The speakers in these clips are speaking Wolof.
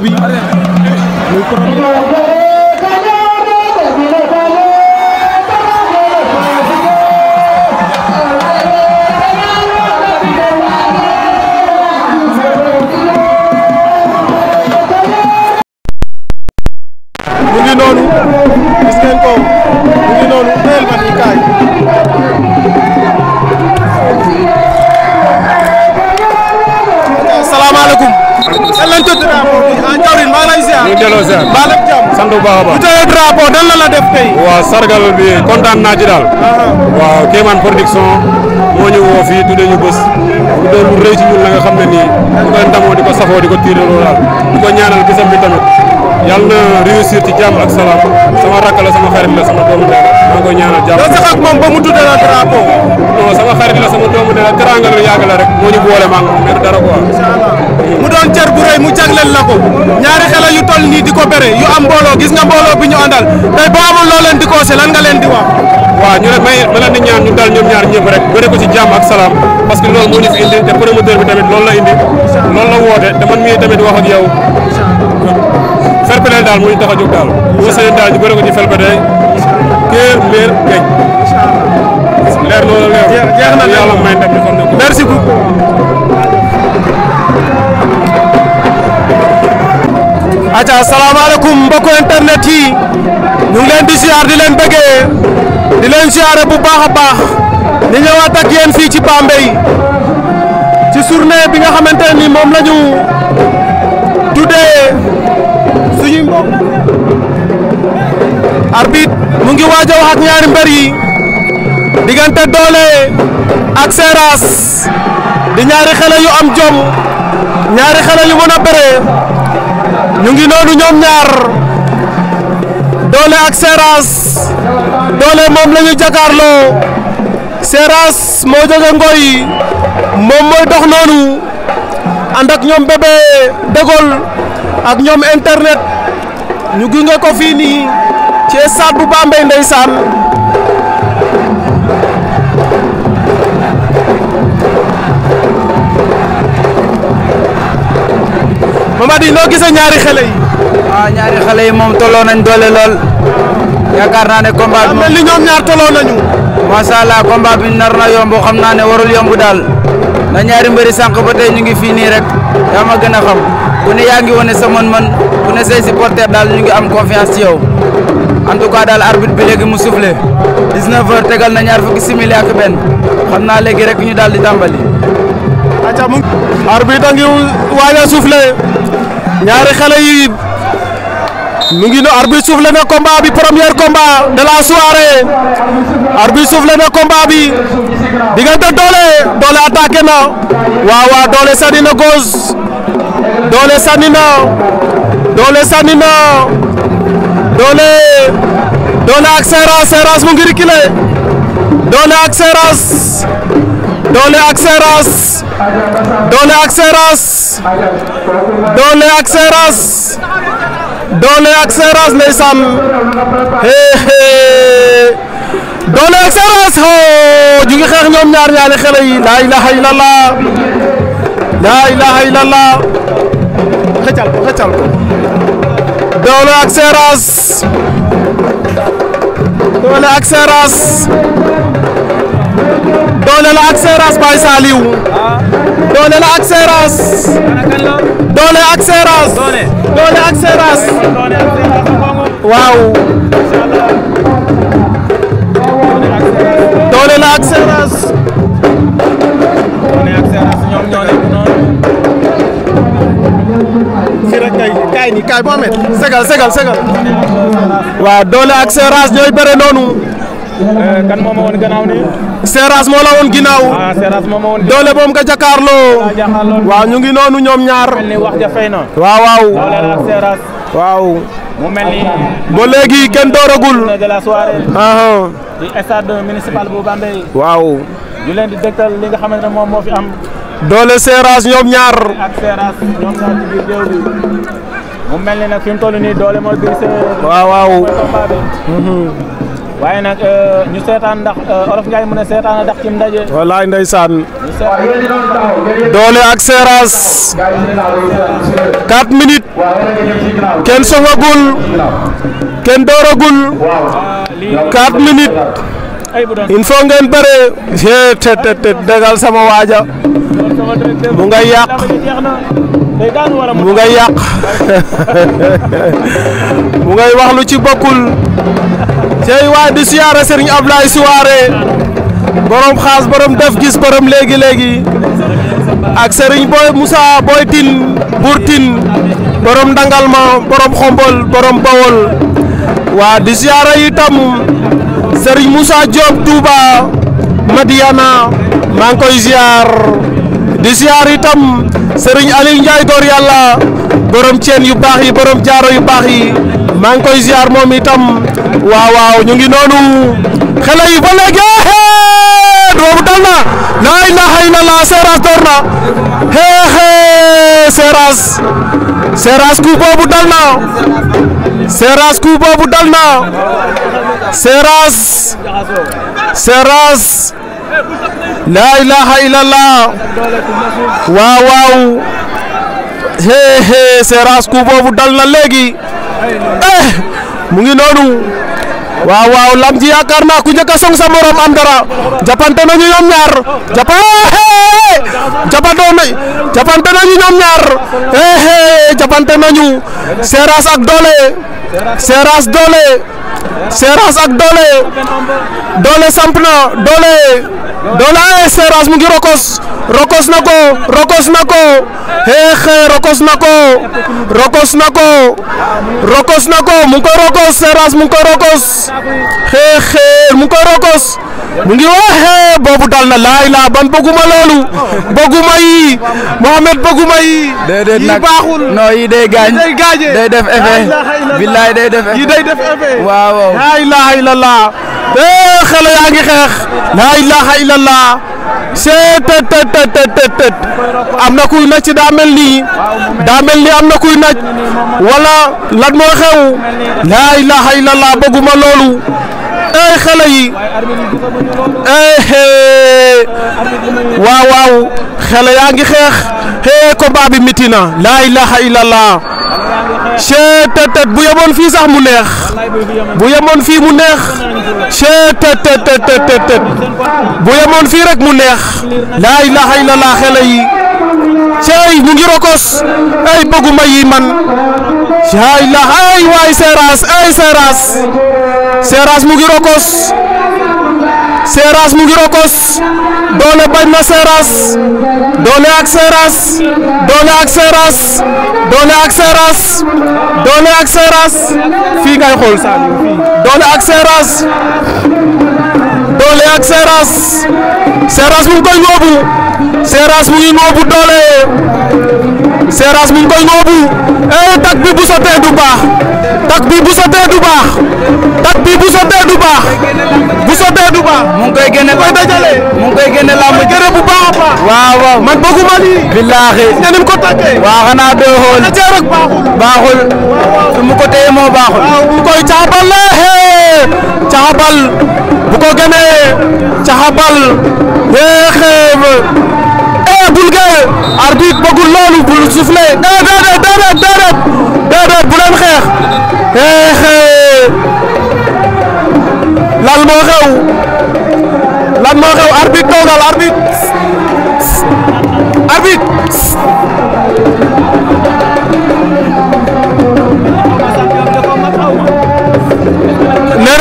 bi muy delloo jam, Malick Thiam sant bu baax a baax. bu tawee drapeau nan la la def tey. waaw sargal bi kontaan naa ci daal. Uh-huh. waaw Kéemaan production moo ñu woo fii tuddee ñu bés. bu sama rakk la sama xarit la sama doomu ndey la maa ngi koy ñaanal jàmm. doo sax sama xarit la sama doomu ndey la teraanga lu yàgg la rek moo ñu boole mu doon cër bu rëy mu jagleel la ko ñaari xale yu toll nii di ko bere yu am mbooloo gis nga mbooloo bi ñu àndal tey boo amul loo leen di koose lan nga leen di wax. waaw ñu rek may ma leen di ñaan ñu dal ñoom ñaar ñëpp rek bëre ko ci jàmm ak salaam parce que loolu moo ñu fi indi te promoteur bi tamit loolu la indi loolu la woote te man mii tamit wax ak yow fair daal moo ñu tax a jóg ñu bëre ko ci fair play kër meer jeex na yàlla may ndam merci beaucoup aca salaamaaleykum mbokku internet yi ñu ngi leen di siyaar di leen bëggee di leen siyaare bu baax a baax ñu ñëwaat ak yéen fii ci Bambey ci journée bi nga xamante ne ni moom la ñu tuddee suñuy mbokk mu ngi waaj wax ak ñaari mbër yi diggante doole ak seeraas di ñaari xale yu am jom ñaari xale yu mën a bëree ñu ngi noonu ñoom ñaar doole ak Seras doole moom la ñu jàkkaarloo moo jóge Ngoy moom mooy dox noonu ànd ak ñoom bébé dégol ak ñoom internet ñu gunge ko fii ci stade bu Bambey ndeysaan Mamadi noo gisee ñaari xalé yi. waaw ah, ñaari xalé yi mom tolo nañ dole lol yaakaar na ne combat bi li ñom ñaar tolo nañu. sha allah combat bi nar na yomb xamna ne warul yomb dal na ñaari mbeuri sank ba tay ñu ngi fi ni rek dama ma xam ku ne yaangi woné wane sa man man ku ne say supporter dal ñu ngi am confiance ci yow en tout cas dal arbitre bi léegi mu soufflé 19h tegal na ñaar fukki simili ak ben xamna rek ñu dal di tambali. Acha mu arbitre a ngi waaj ñaari xale yi mu ngi no arbitre soufflé na combat bi premier combat de la soirée bi diggante doole doole attaqué na waaw doole sànni na doole sànni na doole sànni na doole doole ak Seras Seras mu doole ak Seras Dollé ak Seras Dollé ak Seras Dollé ak Seras Dollé ak Seras ndeysaan hey hey Dollé ak Seras oh ju ngi xeex ñoom ñaar ñaari xale yi la ilaha illallah la ilaha illallah xëcal ko xëcal ko Dollé ak Seras Dollé ak Seras doole la ak Seras Baye Saliou doole la ak Seras doole ak Seras doole ak waaw doole la ak Seras segal segal waaw doole ak Seras ñooy bëre noonu Eh, kan moo ma woon gannaaw nii. Seras la woon ginnaaw. ah moo ma doole moom nga ah, jàkkaarloo. waaw ñu ngi noonu ñoom ñaar. mel ni wax na. waaw waaw. doole waaw. mu mel ni. ba léegi kenn dooragul. de la soirée. di stade municipal waaw. ñu leen di dégtal li nga xamante ne moom moo fi am. doole Seras ñoom ñaar. ak Seras mu mel ni nag fi mu toll nii doole mooy biir Seras. waaw waaw. waaye nag euh, ñu seetaan ndax euh, olof Ndiaye mu ne doole ak seeraas. 4 minutes. kenn songagul. kenn dooragul. 4 minutes. il faut ngeen bëre. je te te te sama waaja. mu ngay yàq. mu ngay yàq. mu ngay wax lu ci bokkul. tey waay di siyaare Serigne Ablaye Souaré borom xaas borom def gis borom léegi léegi ak sëriñ Boy Moussa Boy Tine Bour Tine borom Ndangalma borom Xombol borom Bawol waa di siyaare itam Serigne Moussa Diop Touba Madiana maa ngi koy ziar di ziar itam Serigne Aliou Ndiaye yàlla borom ceen yu baax yi borom jaaro yu baax yi. maa ngi koy ziar moom itam waaw ngi noonu xale yi ba léegi doomu dal na laa ilaha illallah Seras door na xeexee Seras Seras ku boobu dal na Seras dal na laa ilaha illallah waaw waaw xeexee Seras ku léegi. Eh, mu ngi noonu waaw waaw lam ji yaakaar naa ku njëkk a song sa morom am dara jàppante nañu ñoom ñaar jàpp eh, eh, jàppandoo na jàppante nañu ñoom ñaar jàppante nañu Seras ak doole Seras doole Seras ak doole doole samp na Dola ASC Rass mu ngi rokos rokos na ko rokos na ko xeex rokos na ko rokos na ko mu ngi koy rokos Rass eh, eh, mu ngi koy rokos xeex mu ngi rokos mu ngi waxee eh, boobu dal na laay laa ban bëgguma loolu bëgguma yi Mohamed bëgguma yi. déedéet nag yi baaxul non gaañ day def effet billaay day def effet yi day def effet waaw waaw. laa ilaaha illallah xale yaa ngi xeex laa ilaha illallah seet tët tët tët am na kuy naaj ci daa mel nii daa mel nii am na kuy naaj wala lan moo xew laa ilaha illallah bëgguma loolu ay xale yi waaw waaw xale yaa ngi xeex hey combat bi miti na laa ilaha illallah cheetet bu yemoon fii sax mu neex bu yemoon fii mu neex cheetetetetetet bu yemoon fii rek mu neex laa ilaha illallah xele yi cey ñu ngi rokos ay bëgguma man laa ilaha ay waay seeraas ay seeraas seeraas mu ngi Seras mu ngi rokos doole bañ na doole ak Seras doole ak Seras doole ak Seras ak Seras fii ngay xool Sadio doole ak Seras doole ak Seras Seras mu ngi koy mu ngi doole. Seras mi ngi koy ngoobu eh tak bi bu sotee du baax tak bi bu sotee du baax tak bi bu sotee du baax bu sotee du baax. mu ngi koy génne koy dajale mu ngi koy génne làmb gërëm bu baax a baax. waaw waaw man bëgguma lii. billaahi nga ni mu ko tàggee. waaw xanaa doo xool. da cee rek baaxul. baaxul su mu ko téye moo baaxul. waaw mu koy caabal la hee caabal bu ko génnee caabal hee xeeb. eh bul gee arbitre bëggul loolu bul soufflé déedéet déedéet déedéet déedéet bu leen xeex xeexee lan moo xew lan moo xew arbitre toogal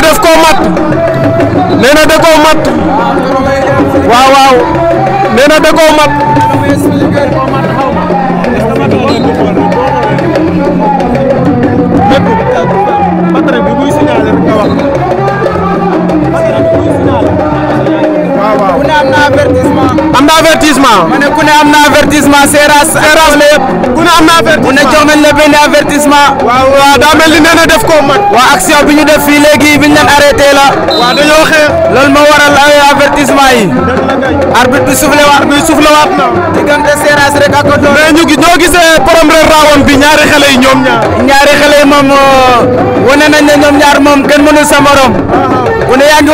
def koo mat nee na da koo mat am na avertissement. ma ne ku am na avertissement séeras séeras la ku ne am na avertissement def koo mag. waaw bi ñu def fii léegi bi ñu leen arrêté la. waaw waral ay avertissement yi. arbitre bi soufflé bi soufflé waat na. diggante Seras rek ak Odo. mais ñoo gisee premier round bi ñaari xale yi ñoom ñaar. ñaari xale yi moom euh, wane nañ ñaar moom kenn mënul sa morom. Ah, ah. ku ne yaa ngi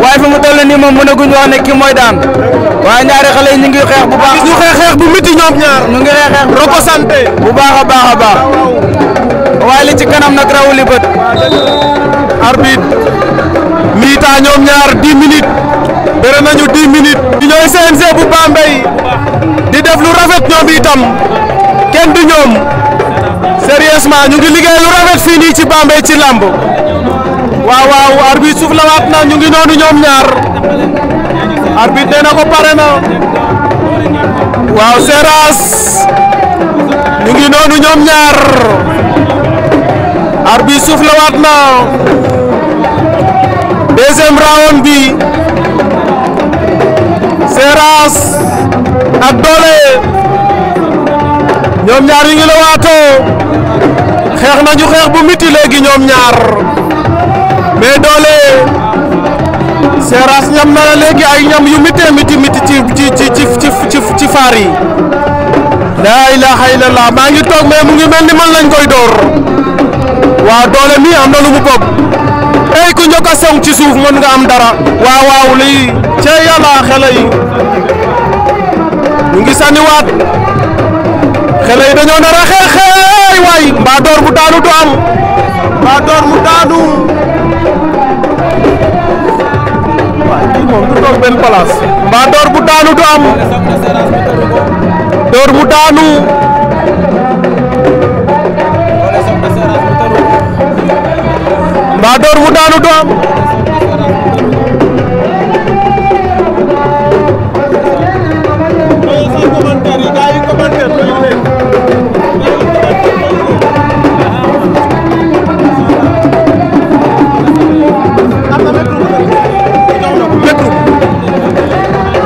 waaye fi ki mooy daan waaye ñaari xale yi ñu ngi xeex bu baax. a baax a baax waaye li ci kanam nag rawu li bët. miita ñoom ñaar 10 minutes bëre nañu 10 minutes. ñooy CNG bu Bambey di def lu rafet ñoom itam kenn du ñoom sérieusement ñu ngi liggéey lu rafet fii ci Bambey ci làmb waaw waaw arbitre suuf la waat na ñu ngi noonu ñoom ñaar arbitre nee na pare na waaw Seras ñu ngi noonu ñoom ñaar arbitre suuf la waat na deuxième round bi Seras ak Dollé ñoom ñu ngi la waatoo xeex nañu xeex bu miti léegi ñoom ñaar mais doole Seras ñam na léegi ay ñam yu mité miti miti ci ci ci ci ci ci ci yi la ilaha illallah ma ngi tok mais mu ngi melni man lañ koy dor wa dole mi am na lu bu bopp ay ku ñoko sew ci suuf mën nga am dara wa wa lii ca yàlla xele yi ñu ngi sànniwaat xele yi dañoo nar a xeex xeey waay mbaa door bu daanu do am ba dor mu daanu waaw kii moom du toog benn place. mbaa door bu daanu du am. door bu daanu. mbaa door bu daanu du am.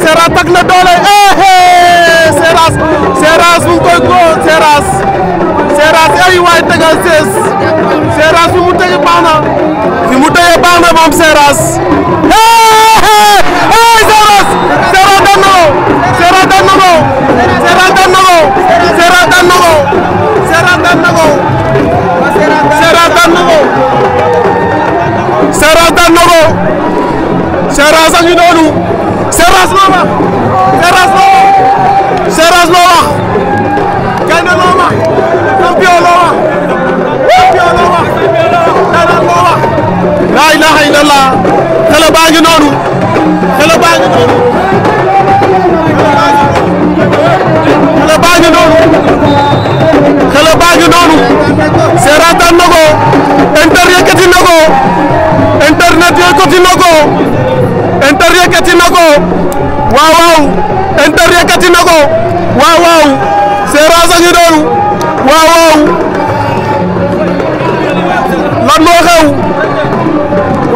Seras takk na doole eh, eh, Seras Seras mu ngi koy ko Seras Seras ay waay tegal sees Seras fi mu tege baax na fi mu tege baax na moom Seras eh, Seras Seras daan na ko Seras daan na ko Seras daan na ko Seras daan na ko Seras daan na ko Seras daan na ko Seras daan na ko Seras a ngi noonu слово!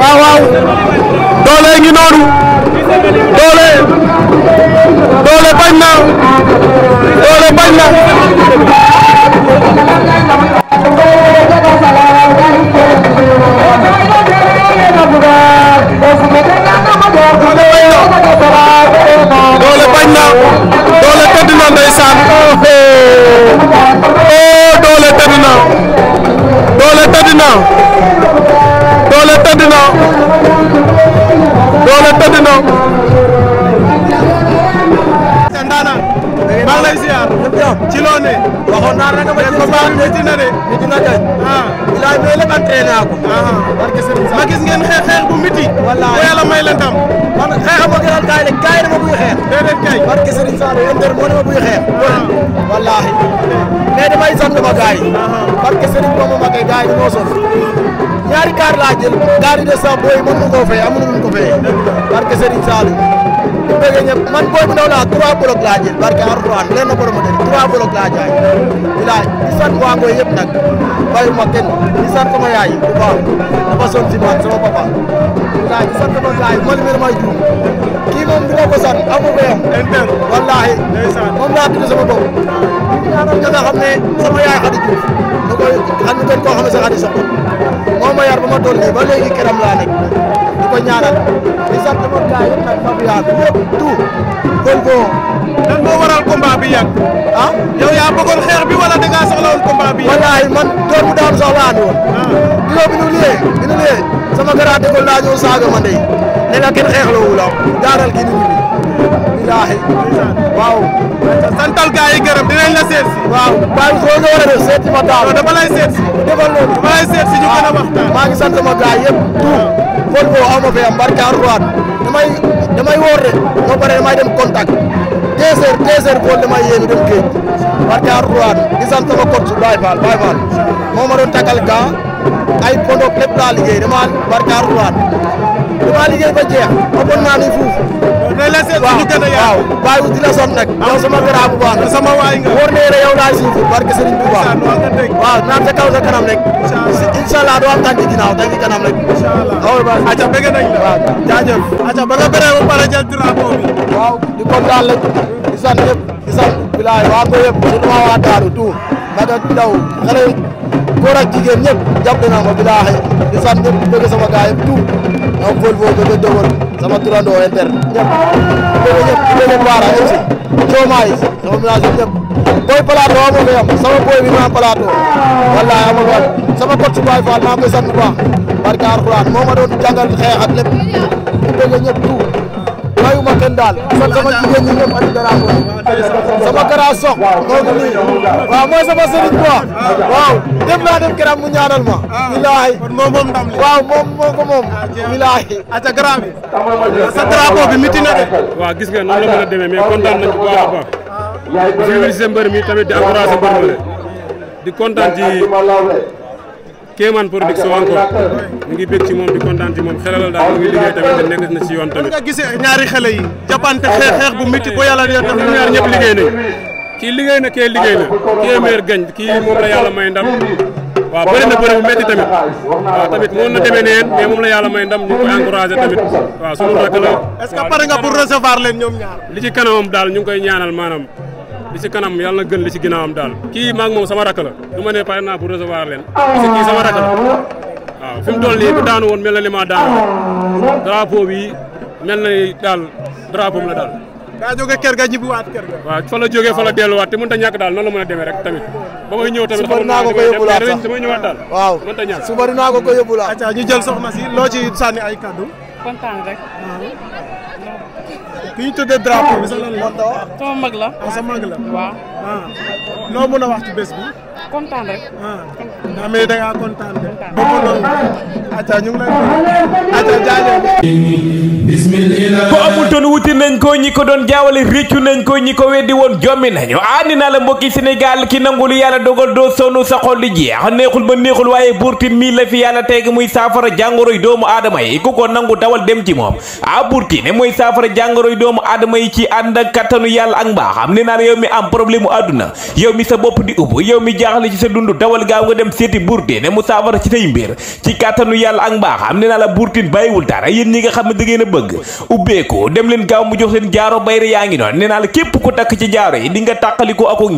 Wow, wow, bu miti wallaahi yàlla may leen tam man xeexam ma gënal kaay de kaay dama buy xeex déedéet kaay barke Serigne Fallou yéen dër moo ne ma buy xeex wallaahi mais damay sant ma gaay barke Serigne boobu ma kay gaay yi ñoo sof ñaari kaar laa jël gaar yi de sa booy mën nga koo fay amuñu ko fay barke Serigne Saliou bëggee ñëpp man boobu ndaw laa trois blocs laa jël barke Alxuraan leen na borom a trois blocs laa jaay di laaj di sant waa Ngoy yëpp nag bàyyi ma kenn di yaay bu baax dafa sonn man sama papa di laaj di sant sama yaay man mii damay juum kii moom dina ko sant amul wéyam. inter wallaahi moom laa tudd sama bopp. ñaanal nga xam ne sama yaay Xadi Juuf da koy xam ne koo xam ne sa Xadi soxla moo ma ñaanal di sant sama gars yëpp nag Fapal yaa yëpp tout Golgo. lan moo waral combat bi yàgg. ah yow yaa xeex bi wala da ngaa soxla woon combat bi. man tool bu daanu sax laa andi woon. waaw ah. bi ñu liyee bi ñu sama garaate ko laa ñëw saaga ma ndey ne la kenn xeexloo wu la daanal kii nit billaahi waaw santal gaa yi gërëm dinañ la seet si waaw maa ngi soo ñëwee rek seet si ma daal dama lay seet si defal loolu dama lay seet si ñu gën a waxtaan maa ngi sant sama gaa yëpp tout fon boo ama fi am barke Alxuraan damay damay woor de boo paree damay dem contact deux heures deux heures fon damay yéen dem géej barke Alxuraan di sant sama coach Baye Fall Baye Fall moo ma doon tagal gaa ay pondok lépp laa liggéey dama barke Alxuraan dama liggéey ba jeex ma bon naa ni fuuf day la seet ñu gën a waaw bàyyi wu di la sonn nag yow sama grand bu baax sama waay nga wóor na yéene yow laa suuf barke Serigne Touba waaw naan sa kaw sa kanam rek incha allah doo am tànk ginnaaw tànk kanam rek incha allah aca bëgg nañ la waaw jaajëf aca ba nga bëree ba pare jël drapeau bi waaw di kontaan la di sant yëpp di sant bilaay waa ko yëpp sunu ma waa daaru tout maga daw xale góor ak jigéen ñëpp jàpp na ma bilaay di sant ñëpp bëgg sama gaay yëpp tout ñoom Volvo Bébé Dóor sama turandoo inter ñëpp bébé ñëpp bébé Baara aussi Diomaye sama ménage ñëpp booy plateau amul lu yam sama booy bi maa plateau wallaay amul woon sama coach Baye Fall maa ngi koy sant bu baax barka Alxuraan moo ma doon jàngal xeex ak lépp bu bëgg ñëpp tout kenn daal kon sama jigéen ñi ñëpp andi drapeau sama kara sox kooku nii waaw mooy sama sëriñ quoi waaw dem naa dem këram mu ñaanal ma bilaay moom moom ndam li waaw moom moo ko moom ah, bilaay aca grand bi sa drapeau bi miti na de waaw gis nga noonu la mën a demee mais kontaan nañ bu baax a baax ah. di féliciter mbër mi tamit di encourager mbër mi di kontaan ci Keman production encore ngi ci di kontaan ci xelalal daal ngi liggéey tamit te nekk na ci yoon tamit. nga gisee ñaari xale yi jàppante xeex xeex bu métti bu yàlla dee tax ñaar ñëpp liggéey nañ kii liggéey na kee liggéey na kee meer gañ kii moom la yàlla may ndam waaw bëri na bëri bu métti tamit waaw tamit mën na demee neen mais moom la yàlla may ndam ñu koy encouragé tamit waaw sunu rakk la. est-ce que nga pour recevoir ñaar. li ci ñu koy ñaanal li ci kanam yàlla na gën li ci ginnaawam daal kii maag moom sama rakk la du ma ne pare naa pour recevoir leen parce que kii sama rakk la waaw fi mu toll nii bu daanu woon mel na li ma daanu drapeau bi mel na ni daal drapeau bi la daal. daa jóge kër ga ñibbiwaat kër ga. waaw fa la jógee fa la delluwaat te mënut a ñàkk daal noonu la mën a demee rek tamit. ba may ñëw tamit ko koy ñëwaat daal. waaw mënut a ñàkk suba dinaa ko koy yóbbulaat. acca ñu jël soxna si loo ci sànni ay kaddu. ki ñu tuddee drapeau bi sa lan la. sama mag la. Ah, sa mag la waaw. ah loo mën a wax ci bés bi. kontaan rek. ah, ah mais da amutoon wuti nañ ko ñi ko doon jaawale réccu nañ koo ñi ko weddi woon jommi nañu ah nee naa la mbokki Sénégal ki nangu lu yàlla dogal doo sonn sa xol di jeex neexul ba neexul waaye burtin mii la fi yàlla teg muy saafara jàngoroy doomu aadama yi ku ko nangu dawal dem ci moom ah burtin mooy saafara jàngoroy doomu aadama yi ci ànd ak kattanu yàlla ak mbaaxam nee naa la yow mi am problème àdduna yow mi sa bopp di ubbu yow mi jaaxle sànni ci sa dund dawal gaaw nga dem seeti burtine mu saafara ci say mbir ci kàttanu yàlla ak mbaaxam ne naa la burtine bàyyiwul dara yéen ñi nga xam da ngeen a bëgg ubbeeku dem leen gaaw mu jox seen jaaro bayre yaa ngi noonu nee naa la képp ku takk ci nga tàqaliko aku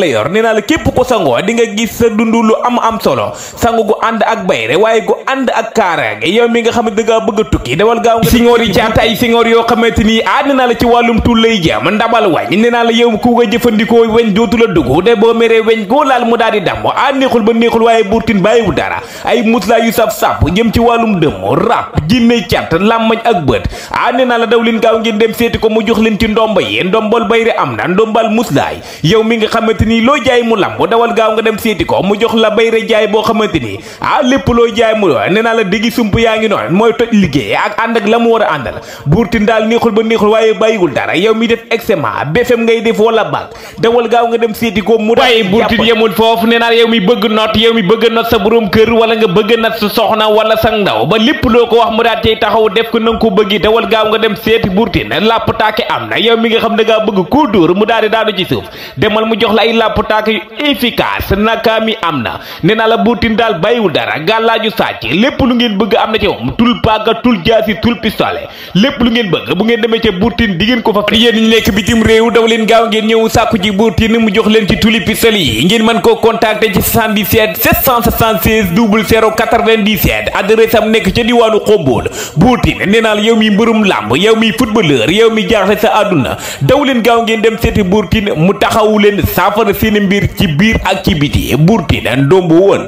la yor nee naa la képp ku sangoo di nga gis bëgg a tukki dawal gaaw nga singoor yi jaata ay singoor yoo xamante nii ah nee la ci wàllum tullay jeem ndabal wañ nee la yow ku nga jëfandikoo wañ dootu la dugg de boo méree weñ goo laal mu daal di a neexul ba neexul waaye burtin bàyyiwu dara ay muslaa yu saf la daw leen gaaw ngeen dem seeti ko mu jox leen ci ndomba yi ndombal bayri am na ndombal muslaay yow mi nga xamante ni loo jaay mu lamb dawal gaaw nga dem seeti ko mu jox la bayre jaay boo xamante ni ah lépp loo jaay mu doon nee naa la digi sump yaa ngi noonu mooy toj liggéey ak ànd ak la mu war a àndal burtin daal neexul ba neexul waaye bàyyiwul dara yow mi def examen BFEM ngay def wala bac dawal gaaw nga dem seeti yéene di ko mu waaye burtit yemul foofu nee naa yow mi bëgg not yow mi bëgg not sa borom kër wala nga bëgg not sa soxna wala sa ndaw ba lépp loo ko wax mu daal tey taxaw def ko na nga ko bëggi dawal gaaw nga dem seeti bëgg koo dóor la ay làpp taake yu efficace naka mi am na nee naa la burtin daal bàyyiwul dara gàllaaju sàcc lépp lu ngeen bëgg am na ci moom tul paaka gaaw ngeen ñëw sàkku ji burtin mu jox leen leen ci tuli pisel yi ngeen mën koo contacter ci 77 776 00 97 nekk ca diwaanu xombool buutin nee naa yow mi mbërum làmb yow mi footballeur yow mi jaaxle sa àdduna daw leen gaaw ngeen dem seeti buurtin mu taxawu leen saafara seen mbir ci biir ak ci biti buurtin ndomb woon